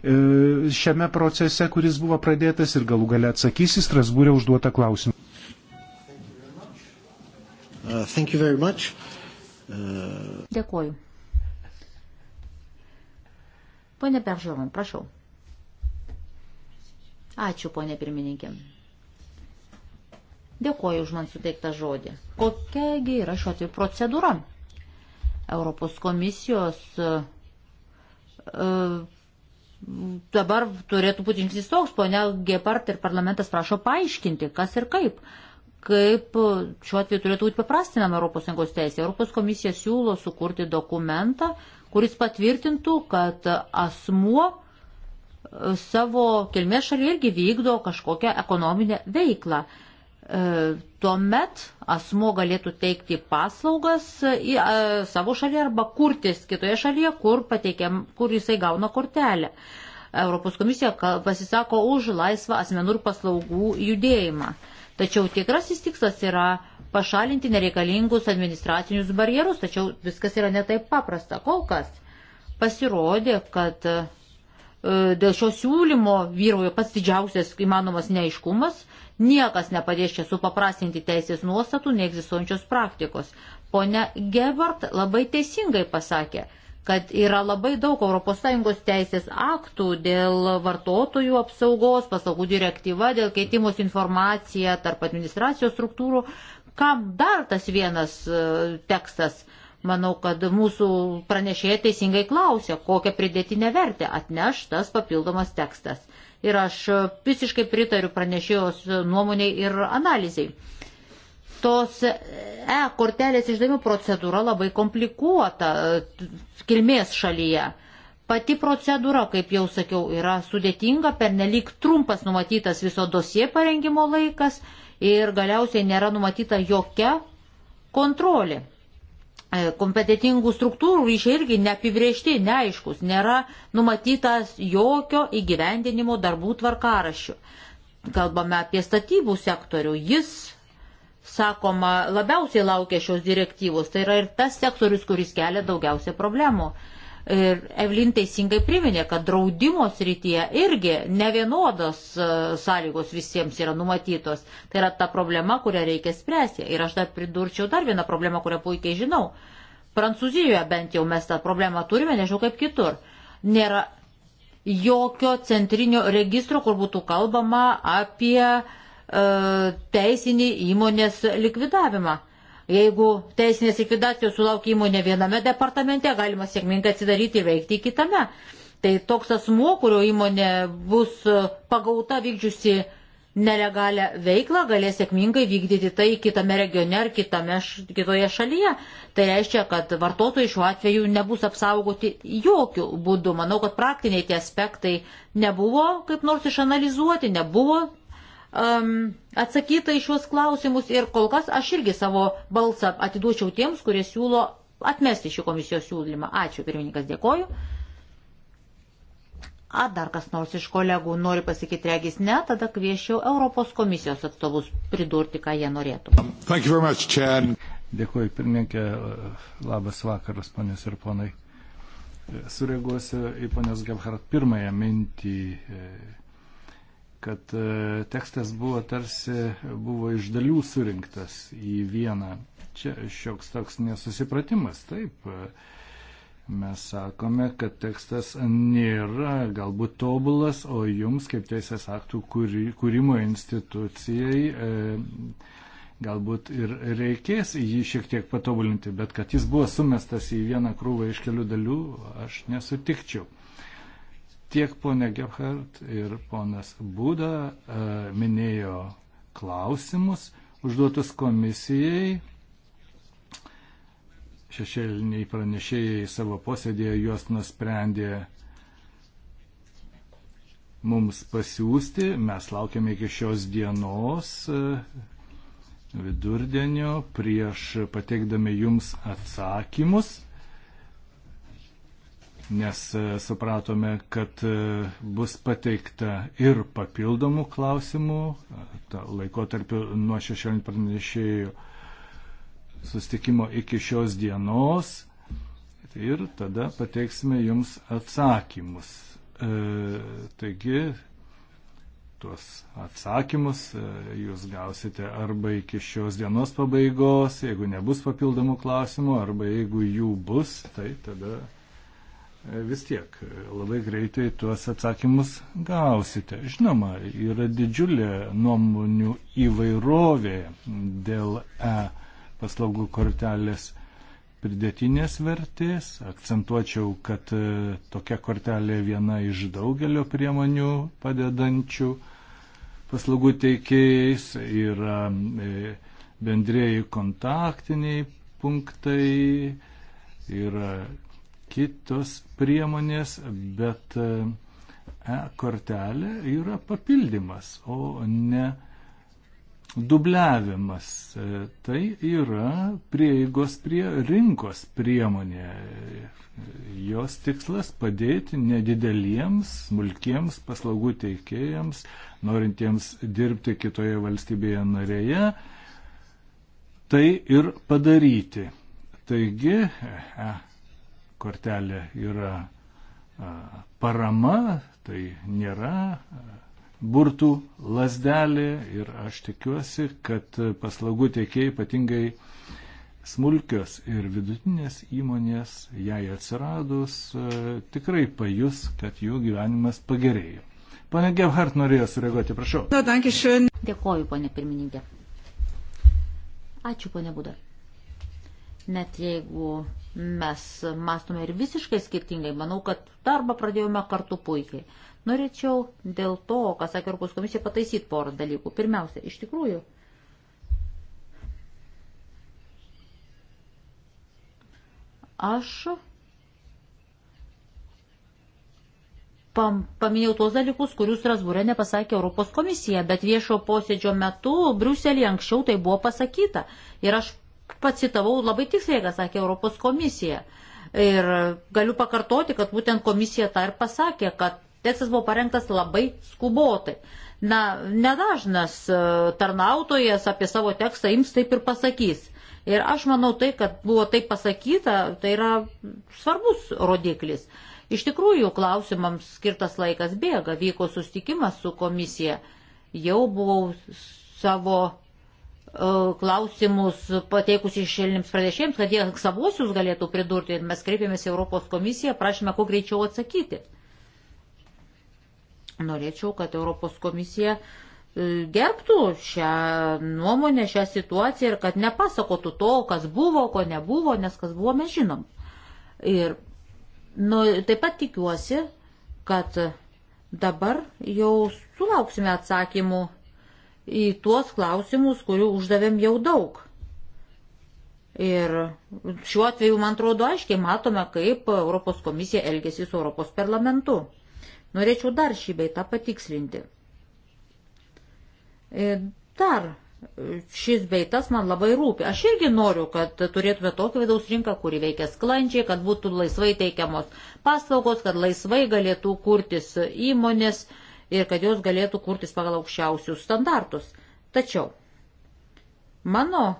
e, šiame procese, kuris buvo pradėtas ir galų gale atsakys į Strasbūrę užduotą klausimą. Uh, Dėkuoju. Pone Peržeron, prašau. Ačiū, ponė pirmininkė. Dėkuoju už man suteiktą žodį. Kokiagi yra šiuo atveju procedūra? Europos komisijos uh, dabar turėtų būti žingsnis toks, ponia Gepard ir parlamentas prašo paaiškinti, kas ir kaip. Uh, kaip e, šiuo atveju turėtų būti paprastinama ES teisė. ES komisija siūlo sukurti dokumentą, kuris patvirtintų, kad asmuo e, savo kilmės šalyje irgi vykdo kažkokią ekonominę veiklą. E, tuomet asmo galėtų teikti paslaugas į e, savo šalį arba kurtis kitoje šalyje, kur, pateikiam, kur jisai gauna kortelę. Europos komisija pasisako už laisvą asmenų ir paslaugų judėjimą. E, Tačiau tikrasis tikslas yra pašalinti nereikalingus administracinius barjerus, tačiau viskas yra netaip paprasta. Kol kas pasirodė, kad e, dėl šio siūlymo vyroja pats didžiausias įmanomas neiškumas, niekas nepadės čia supaprastinti teisės nuostatų neegzistuojančios praktikos. Pone Gebart labai teisingai pasakė, kad yra labai daug ES teisės aktų dėl vartotojų apsaugos, paslaugų direktyva, dėl keitimos informacija tarp administracijos struktūrų. Kam dar tas vienas e, tekstas? Manau, kad mūsų pranešėja teisingai klausia, kokią pridėtinę vertę atneš tas papildomas tekstas. Ir aš visiškai pritariu pranešėjos nuomoniai ir analizai tos e-kortelės e, išdavimo procedūra labai komplikuota e, kilmės šalyje. Pati procedūra, kaip jau sakiau, yra sudėtinga, pernelyg trumpas numatytas viso dosie parengimo laikas ir galiausiai nėra numatyta jokia kontrolė. E, kompetitingų struktūrų ryšiai irgi neapibriežti, neaiškus, nėra numatytas jokio įgyvendinimo darbų tvarkarašių. Kalbame apie statybų sektorių, jis sakoma, labiausiai laukia šios direktyvos. Tai yra ir tas sektorius, kuris kelia daugiausia problemų. Ir Evlin teisingai priminė, kad draudimo srityje irgi ne vienodos e, sąlygos visiems yra numatytos. Tai yra ta problema, kurią reikia spręsti. Ir aš dar pridurčiau dar vieną problemą, kurią puikiai žinau. Prancūzijoje bent jau mes tą problemą turime, nežinau kaip kitur. Nėra jokio centrinio registro, kur būtų kalbama apie uh, E, teisinį įmonės likvidavimą. Jeigu teisinės likvidacijos sulaukia įmonė viename departamente, galima sėkmingai atsidaryti ir veikti kitame. Tai toks asmuo, kurio įmonė bus pagauta vykdžiusi nelegalią veiklą, galės sėkmingai vykdyti tai kitame regione ar kitame, kitoje šalyje. Tai reiškia, kad vartotojai šiuo atveju nebus apsaugoti jokių būdų. Manau, kad praktiniai tie aspektai nebuvo kaip nors išanalizuoti, nebuvo um, atsakyta į šios klausimus ir kol kas aš irgi savo balsą atiduočiau tiems, kurie siūlo atmesti šį komisijos siūlymą. Ačiū, pirmininkas, dėkoju. A, dar kas nors iš kolegų nori pasakyti, regis ne, tada kviešiau Europos komisijos atstovus pridurti, ką jie norėtų. Much, Chen. Dėkuoju, pirmininkė, labas vakaras, ponios ir ponai. Sureaguosiu į ponios Gebhardt pirmąją mintį. E, kad e, tekstas buvo tarsi buvo iš dalių surinktas į vieną. Čia šioks toks nesusipratimas, taip. Mes sakome, kad tekstas nėra galbūt tobulas, o jums kaip teisės aktų kūrimo institucijai e, galbūt ir reikės jį šiek tiek patobulinti, bet kad jis buvo sumestas į vieną krūvą iš kelių dalių, aš nesutikčiau. Tiek ponė Gebhardt ir ponas Būda e, minėjo klausimus užduotus komisijai. Šešėliniai pranešėjai savo posėdėje juos nusprendė mums pasiūsti. Mes laukiame iki šios dienos e, vidurdienio prieš pateikdami jums atsakymus nes e, supratome, kad e, bus pateikta ir papildomų klausimų e, laikotarpiu nuo 16 pranešėjų sustikimo iki šios dienos ir tada pateiksime jums atsakymus. E, taigi, tuos atsakymus e, jūs gausite arba iki šios dienos pabaigos, jeigu nebus papildomų klausimų, arba jeigu jų bus, tai tada vis tiek labai greitai tuos atsakymus gausite. Žinoma, yra didžiulė nuomonių įvairovė dėl e paslaugų kortelės pridėtinės vertės. Akcentuočiau, kad e, tokia kortelė viena iš daugelio priemonių padedančių paslaugų teikėjais yra e, bendrėjai kontaktiniai punktai, yra kitos priemonės, bet e-kortelė e, yra papildymas, o ne dubliavimas. E, tai yra prieigos prie rinkos priemonė. Jos tikslas padėti nedideliems, smulkiems paslaugų teikėjams, norintiems dirbti kitoje valstybėje narėje, tai ir padaryti. Taigi, e, e kortelė yra parama, tai nėra burtų lasdelė ir aš tikiuosi, kad paslaugų tiekėjai ypatingai smulkios ir vidutinės įmonės, jai atsiradus, tikrai pajus, kad jų gyvenimas pagerėjo. Pane Gebhardt norėjo sureaguoti, prašau. Dėkoju, ponė pirmininkė. Ačiū, ponė Budar. Net jeigu mes mąstome ir visiškai skirtingai, manau, kad darbą pradėjome kartu puikiai. Norėčiau dėl to, ką sakė Europos komisija, pataisyti porą dalykų. Pirmiausia, iš tikrųjų, aš pam, paminėjau tuos dalykus, kurių Strasbūrė nepasakė Europos komisija, bet viešo posėdžio metu Briuselėje anksčiau tai buvo pasakyta. Ir aš pacitavau labai tiksliai, ką sakė Europos komisija. Ir galiu pakartoti, kad būtent komisija tą ir pasakė, kad tekstas buvo parengtas labai skubotai. Na, nedažnas e, tarnautojas apie savo tekstą ims taip ir pasakys. Ir aš manau tai, kad buvo taip pasakyta, tai yra svarbus rodiklis. Iš tikrųjų, klausimams skirtas laikas bėga, vyko sustikimas su komisija. Jau buvau savo E, klausimus pateikus išėlinims pranešėjams, kad jie savuosius galėtų pridurti ir mes kreipėmės į Europos komisiją, prašome kuo greičiau atsakyti. Norėčiau, kad Europos komisija e, gerbtų šią nuomonę, šią situaciją ir kad nepasakotų to, kas buvo, ko nebuvo, nes kas buvo, mes žinom. Ir nu, taip pat tikiuosi, kad dabar jau sulauksime atsakymų į tuos klausimus, kurių uždavėm jau daug. Ir šiuo atveju, man atrodo, aiškiai matome, kaip Europos komisija elgesi su Europos parlamentu. Norėčiau dar šį beitą patikslinti. E, dar šis beitas man labai rūpi. Aš irgi noriu, kad turėtume tokią vidaus rinką, kuri veikia sklandžiai, kad būtų laisvai teikiamos paslaugos, kad laisvai galėtų kurtis įmonės, ir kad jos galėtų kurtis pagal aukščiausius standartus. Tačiau mano e,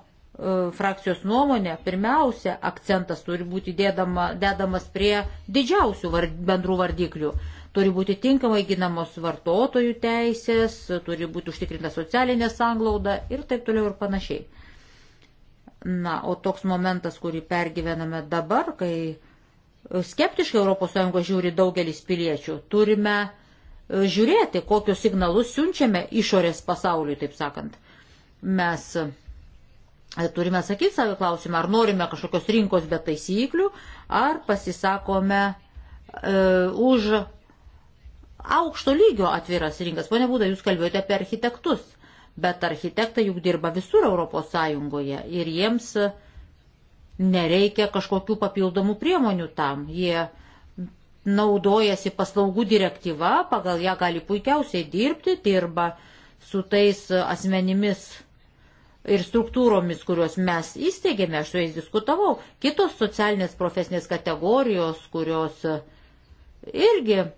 frakcijos nuomonė, pirmiausia, akcentas turi būti dėdama, dedamas prie didžiausių vard, bendrų vardiklių. Turi būti tinkamai ginamos vartotojų teisės, turi būti užtikrinta socialinė sanglauda ir taip toliau ir panašiai. Na, o toks momentas, kurį pergyvename dabar, kai skeptiškai ES žiūri daugelis piliečių, turime žiūrėti, kokius signalus siunčiame išorės pasauliui, taip sakant. Mes e, turime sakyti savo klausimą, ar norime kažkokios rinkos be taisyklių, ar pasisakome e, už aukšto lygio atviras rinkas. Pone Būda, jūs kalbėjote apie architektus, bet architektai juk dirba visur Europos Sąjungoje ir jiems nereikia kažkokių papildomų priemonių tam. Jie naudojasi paslaugų direktyva, pagal ją gali puikiausiai dirbti, dirba su tais asmenimis ir struktūromis, kuriuos mes įsteigėme, aš su jais diskutavau, kitos socialinės profesinės kategorijos, kurios irgi e,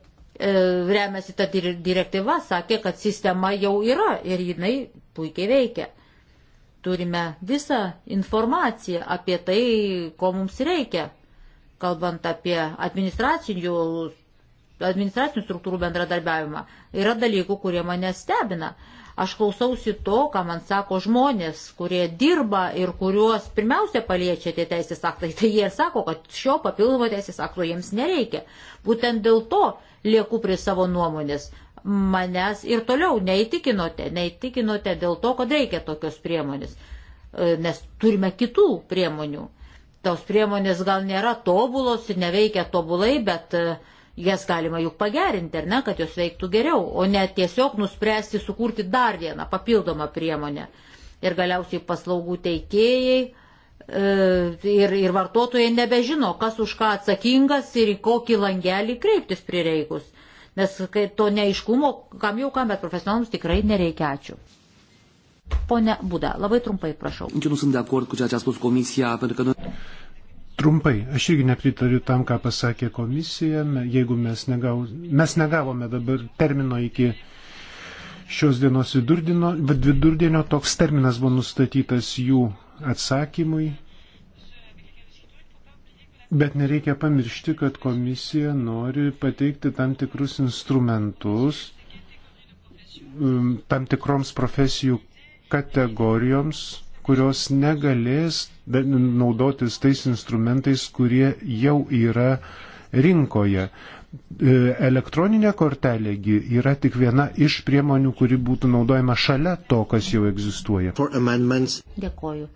remiasi tą direktyvą, sakė, kad sistema jau yra ir jinai puikiai veikia. Turime visą informaciją apie tai, ko mums reikia kalbant apie administracinių, administracinių struktūrų bendradarbiavimą, yra dalykų, kurie mane stebina. Aš klausausi to, ką man sako žmonės, kurie dirba ir kuriuos pirmiausia paliečia tie teisės aktai. Tai jie ir sako, kad šio papildomo teisės akto jiems nereikia. Būtent dėl to lieku prie savo nuomonės. Manęs ir toliau neįtikinote, neįtikinote dėl to, kad reikia tokios priemonės, e, nes turime kitų priemonių tos priemonės gal nėra tobulos ir neveikia tobulai, bet e, jas galima juk pagerinti, ar ne, kad jos veiktų geriau, o ne tiesiog nuspręsti sukurti dar vieną papildomą priemonę. Ir galiausiai paslaugų teikėjai e, ir, ir vartotojai nebežino, kas už ką atsakingas ir į kokį langelį kreiptis prireikus. Nes to neiškumo, kam jau kam, bet profesionalams tikrai nereikia. Ačiū. Pone Buda, labai trumpai prašau. Nu trumpai, aš irgi nepritariu tam, ką pasakė komisija, jeigu mes, negav, mes negavome dabar termino iki šios dienos vidurdienio, vidurdienio, toks terminas buvo nustatytas jų atsakymui, bet nereikia pamiršti, kad komisija nori pateikti tam tikrus instrumentus um, tam tikroms profesijų kategorijoms, kurios negalės naudotis tais instrumentais, kurie jau yra rinkoje. E, elektroninė kortelėgi yra tik viena iš priemonių, kuri būtų naudojama šalia to, kas jau egzistuoja. Dėkoju.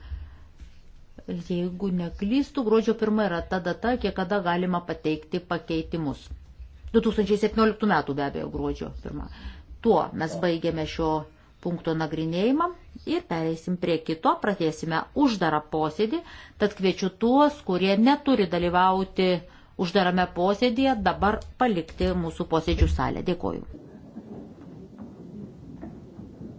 Jeigu neklystų, gruodžio pirmą yra ta data, kiek kada galima pateikti pakeitimus. 2017 metų be abejo gruodžio pirmą. Tuo mes baigėme šio punkto nagrinėjimą ir pereisim prie kito, pratėsime uždarą posėdį, tad kviečiu tuos, kurie neturi dalyvauti uždarame posėdėje, dabar palikti mūsų posėdžių salę. Dėkoju.